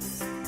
Podcast.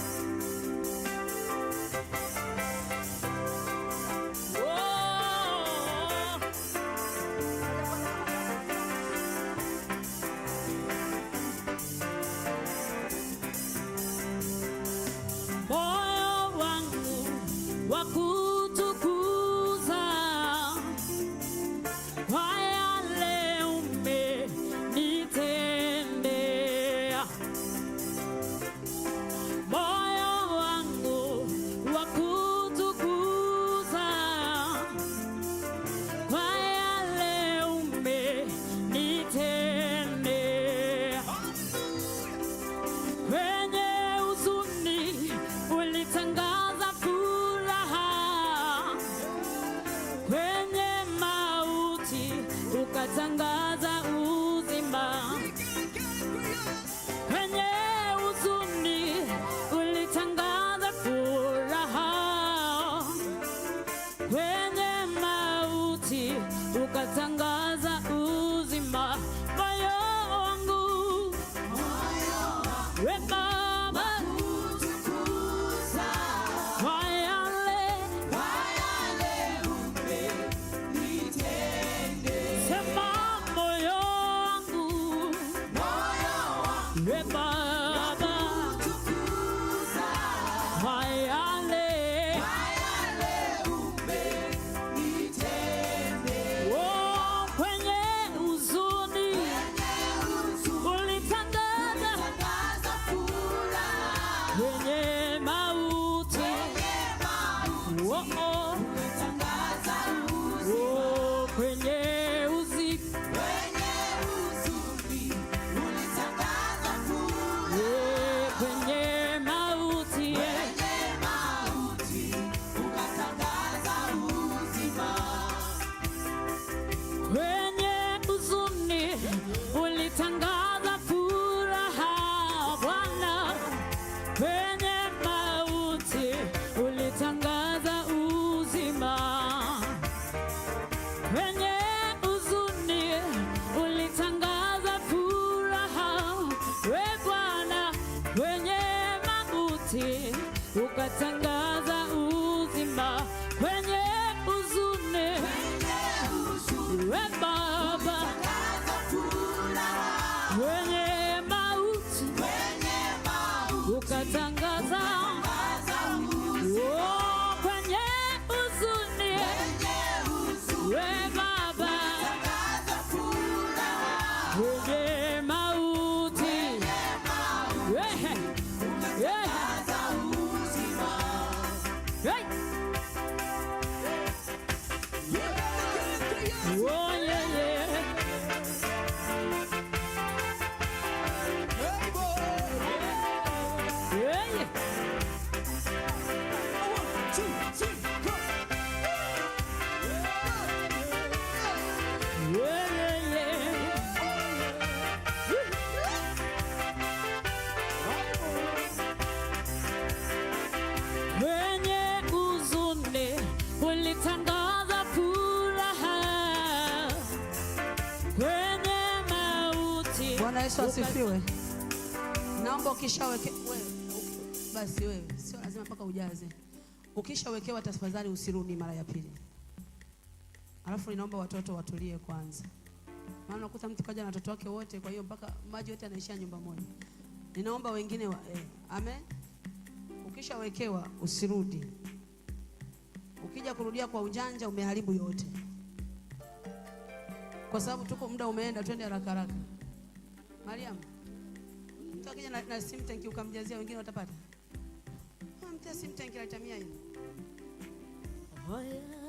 never asifiwe. Naomba ukishaweke wewe basi, wewe sio lazima mpaka ujaze. Ukishawekewa tafadhali usirudi mara ya pili. Alafu ninaomba watoto watulie kwanza, maana unakuta mtu kaja na watoto wake wote, kwa hiyo mpaka maji yote yanaishia nyumba moja. Ninaomba wengine wa, eh, amen. Ukishawekewa usirudi. Ukija kurudia kwa ujanja, umeharibu yote, kwa sababu tuko muda umeenda, twende haraka haraka. Mariam, mtu akija na, na sim tanki ukamjazia wengine watapata mtia sim tanki la Oh, yeah.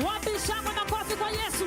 O Abixá Manacó ficou conheço.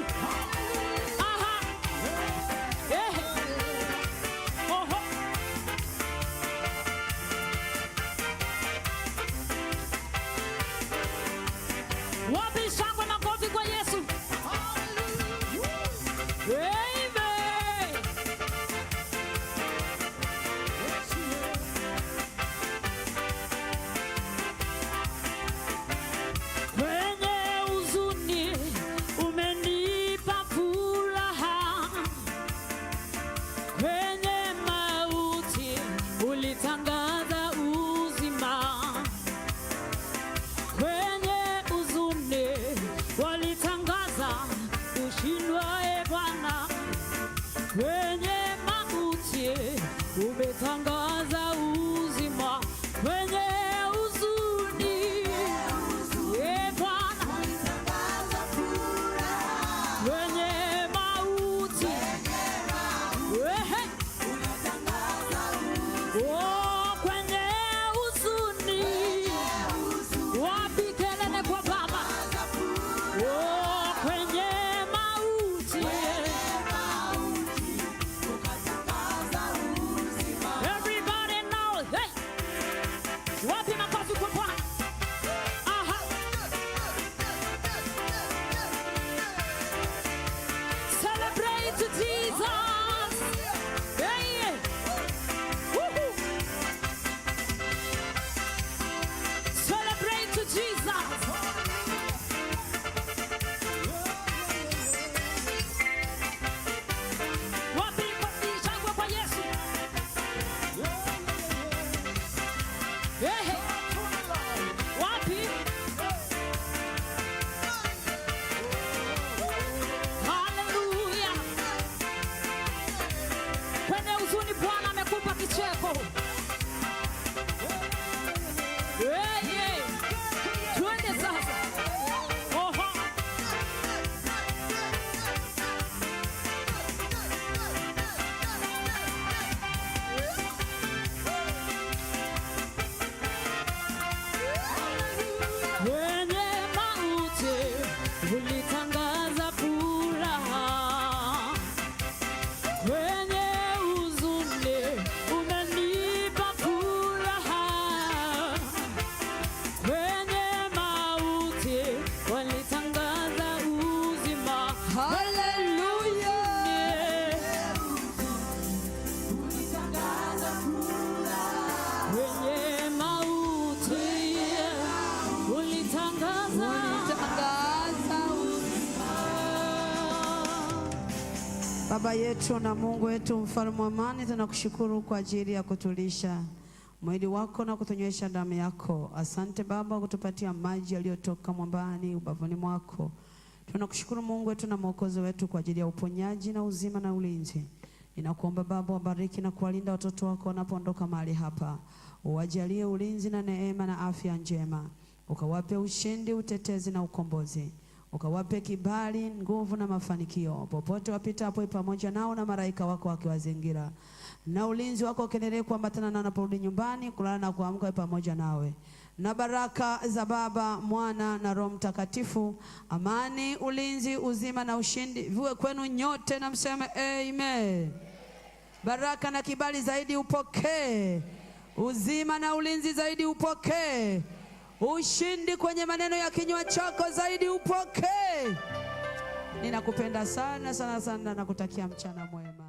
Baba yetu na Mungu wetu, mfalme wa amani, tunakushukuru kwa ajili ya kutulisha mwili wako na kutunywesha damu yako. Asante Baba kutupatia maji yaliyotoka mwambani ubavuni mwako. Tunakushukuru Mungu wetu na mwokozi wetu kwa ajili ya uponyaji na uzima na ulinzi. Ninakuomba Baba wabariki na kuwalinda watoto wako wanapoondoka mahali hapa, uwajalie ulinzi na neema na afya njema, ukawape ushindi, utetezi na ukombozi ukawape kibali, nguvu na mafanikio popote wapitapo, pamoja nao na malaika wako wakiwazingira, na ulinzi wako ukiendelee kuambatana na wanaporudi nyumbani, kulala na kuamka pamoja nawe na baraka za Baba, Mwana na Roho Mtakatifu, amani, ulinzi, uzima na ushindi viwe kwenu nyote, na mseme amen. Baraka na kibali zaidi upokee, uzima na ulinzi zaidi upokee. Ushindi kwenye maneno ya kinywa chako zaidi upokee. Ninakupenda sana sana sana, nakutakia mchana mwema.